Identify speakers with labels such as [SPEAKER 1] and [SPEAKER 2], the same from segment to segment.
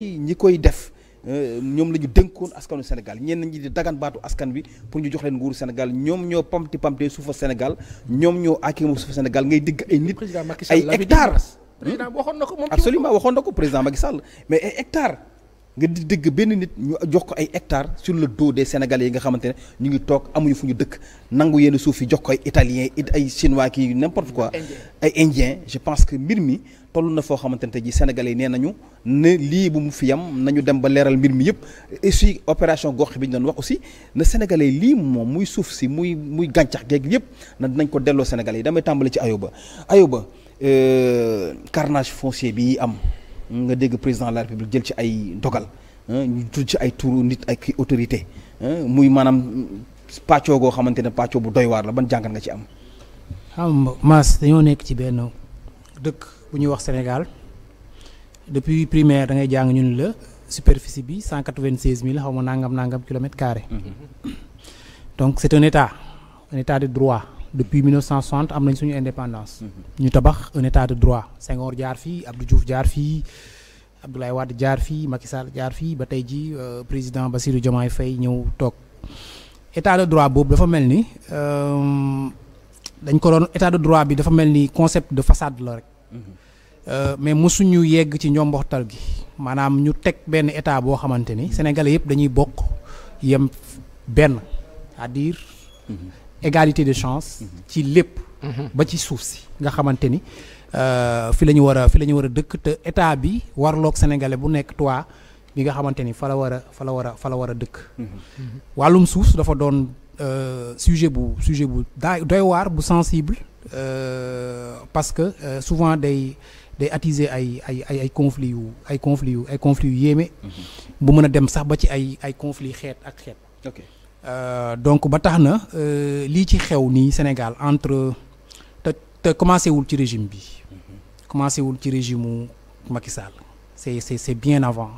[SPEAKER 1] ñi koy def euh, ñoom la ñu dénkoon askanu Sénégal ñenn ñi di dagan baatu askan bi pour ñu jox leen nguuru Sénégal ñoom ñoo pamti pamtee suufa Sénégal ñoom ñoo akimu suufa Sénégal ngay digg ay nit ay hectares. président waxoon na ko moom absolument waxoon na ko président Macky Sall mais ay hectares. nga di dégg benn nit ñu jox ko ay ectare sur le dos des sénégalais yi nga xamante ne ñu ngi toog amuñu fu ñu dëkk nangu yenn suuf yi jox ko ay italiens it ay chinois kii n'importe quoi. ay indiens je pense que mbir mi toll na foo xamante ne ji sénégalais yi nee nañu ne lii bu mu fi yam nañu dem ba leeral mbir mi yëpp et puis opération gox bi ñu doon wax aussi ne sénégalais lii moom muy suuf si muy muy gàncax geeg yëpp na dinañ ko delloo sénégalais yi damay tàmbali ci ayoba ayoba euh, carnage foncier bi am. nga dégg président de la république jël ci ay dogal ñu tudd ci ay turu nit ak ki autorité muy maanaam pàccoo goo xamante ne pàccoo bu doy waar la ban jàngat nga ci am.
[SPEAKER 2] xam Mass dañoo nekk ci benn dëkk bu ñuy wax Sénégal depuis primaire da ngay jàng ñun la superficie bi cent quatre-vingt-seize mille xaw ma nàngam nàngam kilomètres carrés. Mm-hmm. donc c'est un état un état de droit. depuis 1960 am nañ suñu indépendance. Mhm. ñu tabax un état de droit Senghor jaar fii Abdou Diouf jaar fii Abdoulaye Wade jaar fii Macky Sall jaar fii ba tey ji euh, président Bassirou Diomaye Faye ñëw toog état de droit boobu dafa mel ni euh, dañ ko doon état de droit bi dafa mel ni concept de façade la rek. Mhm. Euh, mais mosuñu yegg ci njomboxtal gi maanaam ñu teg benn état boo xamante ni mhm. sénégalais yëpp dañuy bokk yem benn à égalité de chance ci lépp ba ci suuf si nga xamante ni euh, fi la ñu war a fi la ñu war a dëkk te état bi warloog sénégalais bu nekk toi bi nga xamante ni fa la war a fa la war a fa la war a dëkk wàllum suuf dafa doon euh, sujet bu sujet bu daa doy waar bu sensible euh, parce que souvent day day attiser ay ay ay ay conflits yu ay conflits yu ay conflits yu yéeme mhm. bu mën a dem sax ba ci ay ay conflits xeet ak xeet Euh, donc ba tax na euh, lii ci xew nii Sénégal entre te te commencé wul ci régime bi commencé wul ci régime mu Macky Sall c'est c'est c'est bien avant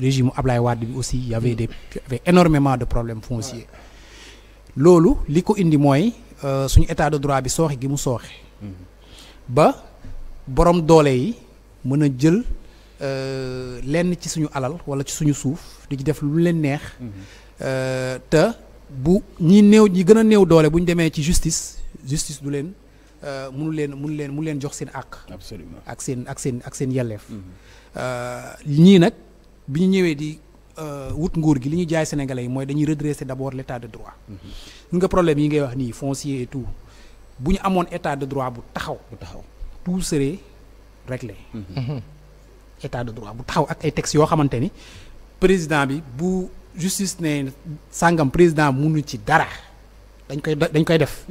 [SPEAKER 2] régime Ablaye Wade bi aussi il y avait énormément de problèmes fonciers loolu li ko indi mooy euh, suñu état de droit bi sooxe gi mu sooxe ba borom doole yi mën a jël lenn ci suñu alal wala ci suñu suuf di ci def lu leen neex mm-hmm. te bu ñi néew ñi gën a néew doole bu ñu demee ci justice justice du leen euh, mënu leen mënu leen mënu leen jox seen àq. absolument ak seen ak seen ak seen yelleef. Mhm. Euh, ñii nag bi ñu ñëwee di euh, wut nguur gi li ñu jaay sénégalais yi mooy dañuy redresser d'abord l'état de droit. Mhm. nga problème yi ngay wax nii foncier et bu ñu amoon état de droit bu taxaw. bu taxaw tout serait réglé. Mhm. état de droit bu taxaw ak ay textes yoo xamante ni président bi bu. justice ne sàngam président munu ci dara dañ koy dañ koy def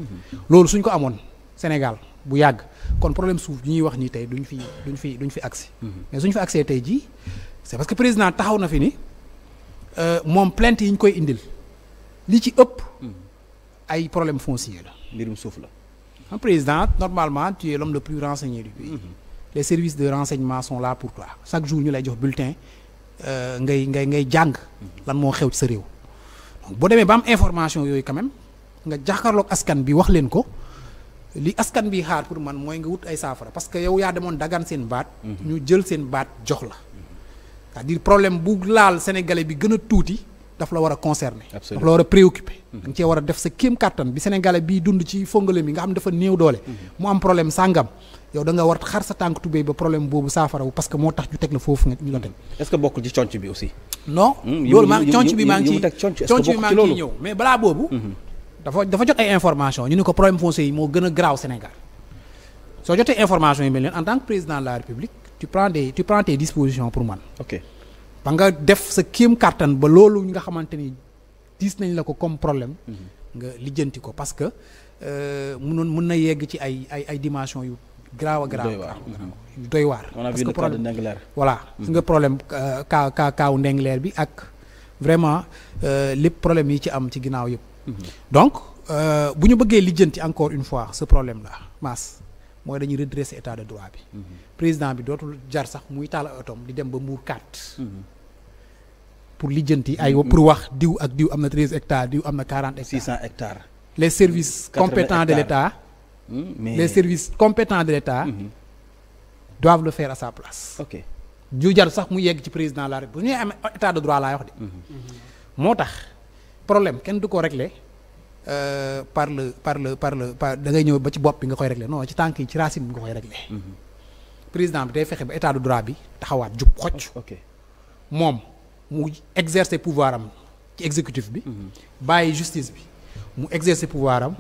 [SPEAKER 2] loolu suñ ko amoon Sénégal bu yàgg kon problème suuf ñuy wax nii tey duñ fi duñ fi duñ fi agsi mhm. mais suñ fi agsee tey jii c'est parce que président taxaw na fi ni euh, moom plainte yi ñu koy indil li ci ëpp mhm. ay problème foncier la mbirum suuf la un président normalement tu es l'homme le plus renseigné du pays mhm. les services de renseignement sont là pour toi chaque jour ñu lay jox bulletin Euh, ngay ngay ngay jàng lan moo xew ci sa réew boo demee ba am information yooyu quand nga jàkkaarloog askan bi wax leen ko li askan bi xaar pour man mooy nga wut ay saafara parce que yow yaa demoon dagaan seen baat mhm. ñu jël seen baat jox la cest di problème bu laal sénégalais bi gën a tuuti daf la war a concerner daf la war a préoccuper da mhm. nga cee war a def sa kem kàttan bi sénégalais bi dund ci fongale mi nga xam dafa néew doole mhm. mu am problème sàngam yow danga war xar sa tànk tubéy ba problème boobu saafara wu parce que moo tax ñu teg la foofu nga ñu doon teg. est-ce que bokkul ci conc bi aussi. non hmm, loolu maa conc bi maa ngi ciy conc bi maa ngi ñëw mais balaa boobu. Hmm, hmm. dafa dafa jot ay information ñu ne ko problème foncier yi moo gën a graaw Sénégal soo jotee information yi mel noonu en tant que président de la République tu prends des tu prends tes pour man. ok ba nga def sa kéem kàttan ba loolu nga xamante ni gis nañ la ko comme problème. nga lijjanti ko parce que euh, mënoon mën na yegg ci ay ay ay dimension yu. graaw a graaw doy waar parce que problème voilà mm. gis nga problème euh, kaa kaa kaaw ndengleer bi ak vraiment euh, lépp problème yi ci am ci ginnaaw yëpp mm-hmm. donc euh, bu ñu bëggee lijjanti encore une fois ce problème la maas mooy dañuy redresser état de droit bi mm-hmm. président bi dootul jar sax muy taal otom di dem ba mbuur kaat mm-hmm. pour lijjanti ay pour wax diw ak diw am na treize hectares diw am na quarante hectares six cent hectares les services compétents de l'État mais les services compétents de l'État mhm. doivent le faire à sa place. ju jar sax mu yegg ci président de la République bu ñuy am état de droit laay wax de. Mhm. Mhm. moo tax problème kenn du ko régler euh, par le par le par le par da ngay ñëw ba ci bopp bi nga koy régler non ci tànk yi ci racine bi nga koy régler. président bi day fexe ba état de droit bi taxawaat jub xocc. ok moom mu exercer pouvoir am ci exécutif bi. bàyyi justice bi mu exercer pouvoir am.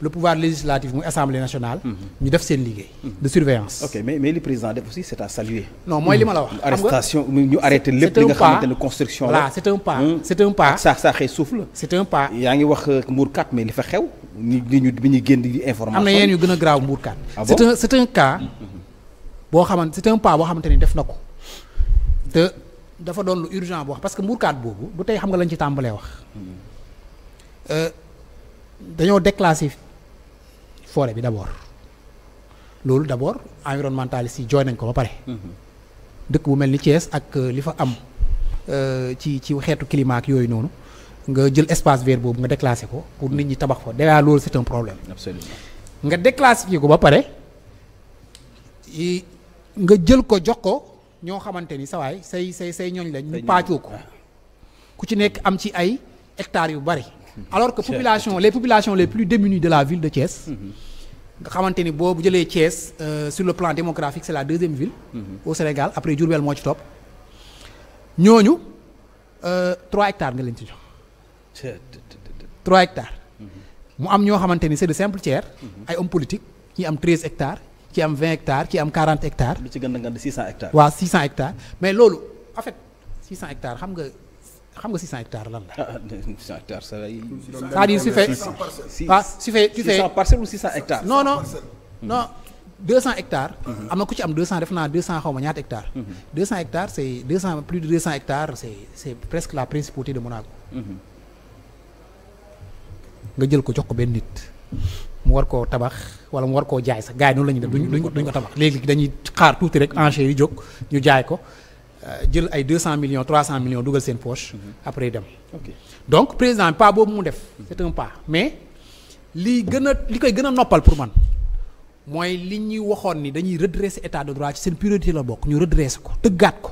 [SPEAKER 2] le pouvoir législatif muy assemblée nationale. ñu def seen liggéey. de surveillance.
[SPEAKER 1] ok mais mais li président def aussi c'est à saluer. non mooy li ma la wax. arrestation ñu arrêté lépp li nga la. voilà c'est un pas hmm? c'est un la. wax euh, Mbour 4 mais li fa xew. ñu ñu bi ñu génn di information. am na yeneen yu gën a graaw Mbour 4. Ah c'est un
[SPEAKER 2] c'est hmm,
[SPEAKER 1] hmm.
[SPEAKER 2] boo xamante c'est un pas boo xamante ni def na ko te dafa doon lu urgent boo xam parce que Mbour boobu du tey xam nga lañ ci tàmbalee wax euh, dañoo déclassé. forêt bi d' abord loolu d' abord environnementaliste yi jooy nañ ko ba pare. Mhm. dëkk bu mel ni Thiès ak euh, li fa am euh, ci ci xeetu climat yooyu noonu nga jël espace vert boobu nga déclassé ko pour mhm. nit ñi tabax fa déjà loolu c' est un problème. absolument nga déclassé ko ba pare nga jël ko jox ko ñoo xamante ni sawaay say say say ñooñ lañ. ñu paajoo ko ah. ku ci nekk am ci ay hectares yu bari. alors que population les populations les plus démunies de la ville de Thiès. Mm-hmm. nga xamante ni boo bu jëlee Thiès euh, sur le plan démographique c'est la deuxième ville. Mm-hmm. au Sénégal après Diourbel moo ci topp. ñooñu euh, trois hectares nga leen ti jox. trois hectares. Mm-hmm. mu am ñoo xamante ni c'est de simple tiers. ay hommes politiques ñi am treize hectares. ci am vingt hectares ci am hectares. lu ci gën a gën six cent hectares. waaw six cent mais loolu en fait six cent hectares xam nga. xam nga 600 hectares lan la. ah 600 ah, hectares ça lay. c'est-à-dire si fee. 600 parcelles su fee 600 parcelles ou 600 hectares. non non non 200 hectares. Mhm. am na ku ci am 200 def naa 200 xaw ma ñaata hectares. 200 mhm. hectares c'est 200 plus de 200 hectares c'est c'est presque la principauté mhm. nga jël ko jox ko benn nit. mu war koo tabax wala mu war koo jaay sax gars noonu la ñuy def duñ duñ ko tabax léegi dañuy xaar tuuti rek enchères yi jóg ñu jaay ko. Euh, jël ay deux cent million trois cent millions dugal seen poche. Mhm. après dem. donc président pas boobu mu def. c'est un pas mais li gën a li koy gën a noppal pour man mooy li ñuy waxoon ni dañuy redresser état de droit ci seen priorité la bokk ñu redresser ko tëggaat ko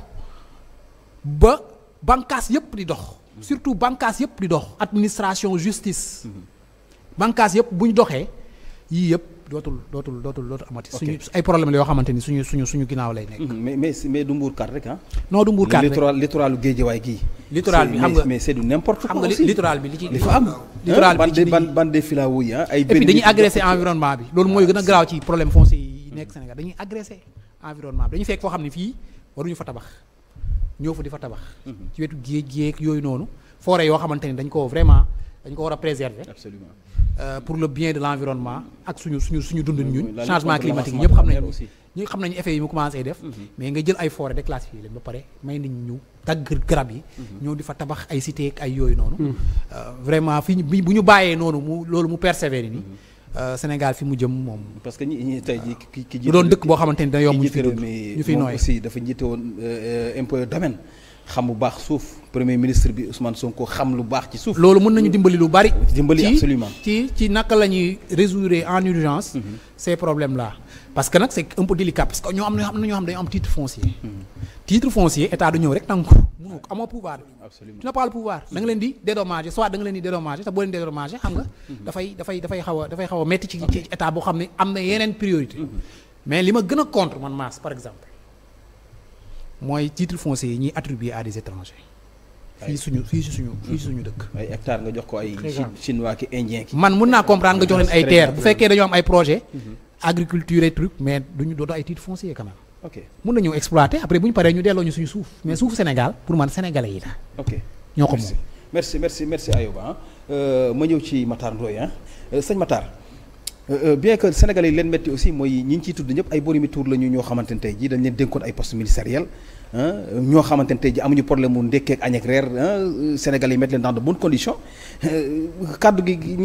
[SPEAKER 2] ba bànqaas yépp di dox. Mhm. surtout bànqaas yépp di dox. administration justice. Mhm. bànqaas yépp bu ñu doxee yii yépp. dootul dootul dootul dootul amati. suñu ay problème la yoo xamante ni suñu suñu suñu ginnaaw lay nekk.
[SPEAKER 1] Mm-hmm. mais mais mais du mbuur kat rek ah. non du mbuur kat rek littoral littoralu géejewaay gii. littoral bi xam nga mais bi li ci li dañuy agressé environnement bi loolu mooy gën a garaaw ci problème
[SPEAKER 2] foncier yi nekk Sénégal dañuy agressé environnement bi dañuy fekk foo xam ne fii waruñu fa tabax ñoo fa di fa tabax. Mm-hmm. ci wetu géej géej yooyu noonu forêt yoo xamante ni dañ ko vraiment dañ ko war a préserver. Euh, pour le bien de l' environnement ak suñu suñu suñu dund ñu changement climatique yi ñëpp xam nañu ñu xam nañu effet yi mu commencé def. Mhm. mais nga jël ay forêt déclassifié leen ba pare may nañ ñu dagg garab yi. Mhm. ñoo di fa tabax ay cité ak yooyu noonu. Mhm. Euh, vraiment fi bu ñu bàyyee noonu mu loolu mu persévérer nii. Euh, Sénégal fi mu jëm moom.
[SPEAKER 1] parce que ñi tey jii ki ki. doon dëkk boo xamante ni da yomb ñu fi. ñu fi nooy dafa njiite woon impôt domaine. xam bu baax suuf premier ministre bi Ousmane Sonko xam lu baax ci suuf. loolu mën nañu dimbali lu bari. dimbali
[SPEAKER 2] absolument ci ci naka la ñuy résoudre en urgence. Mhm. ces problèmes là parce que nag c' est un parce que ñoo am na ñoo xam dañoo am titre foncier. Mhm. titre foncier état du ñëw rek nangu ko ko amoo pouvoir bi. absolument tu n'as le pouvoir da leen di dédommager soit da leen di dédommager te boo leen dédommager xam nga. Mhm. dafay dafay dafay a dafay xaw a métti ci boo xam ne am na yeneen priorité. mais li
[SPEAKER 1] ma gën a contre man par exemple.
[SPEAKER 2] mooy titre foncier yi ñuy attribuer à des étrangers. fii suñu fii si suñu fii suñu dëkk.
[SPEAKER 1] ay hectares nga jox ko ay. chinois ki indien ki. man mun naa comprendre nga jox leen ay terre bu fekkee dañoo am ay projet
[SPEAKER 2] mhm. agriculture et truc mais duñu dootoo ay titre foncier quand même. ok mun nañu exploiter après bu ñu paree ñu delloo ñu suñu suuf mais suuf Sénégal pour man
[SPEAKER 1] sénégalais yi la. ñoo ko moom merci merci merci Ayoba euh, ma ñëw ci Matar Ndoye ah sëñ Euh, euh, bien que sénégalais yi leen metti aussi mooy ñi ñu ciy tudd ay boromi tuur la ñoo xamante ne tey jii dañ leen dénkoon ay poste ministériel ñoo xamante ne tey jii amuñu problème mu ndékkeek añ reer sénégalais yi mettre leen dans de bonnes conditions euh, kaddu gi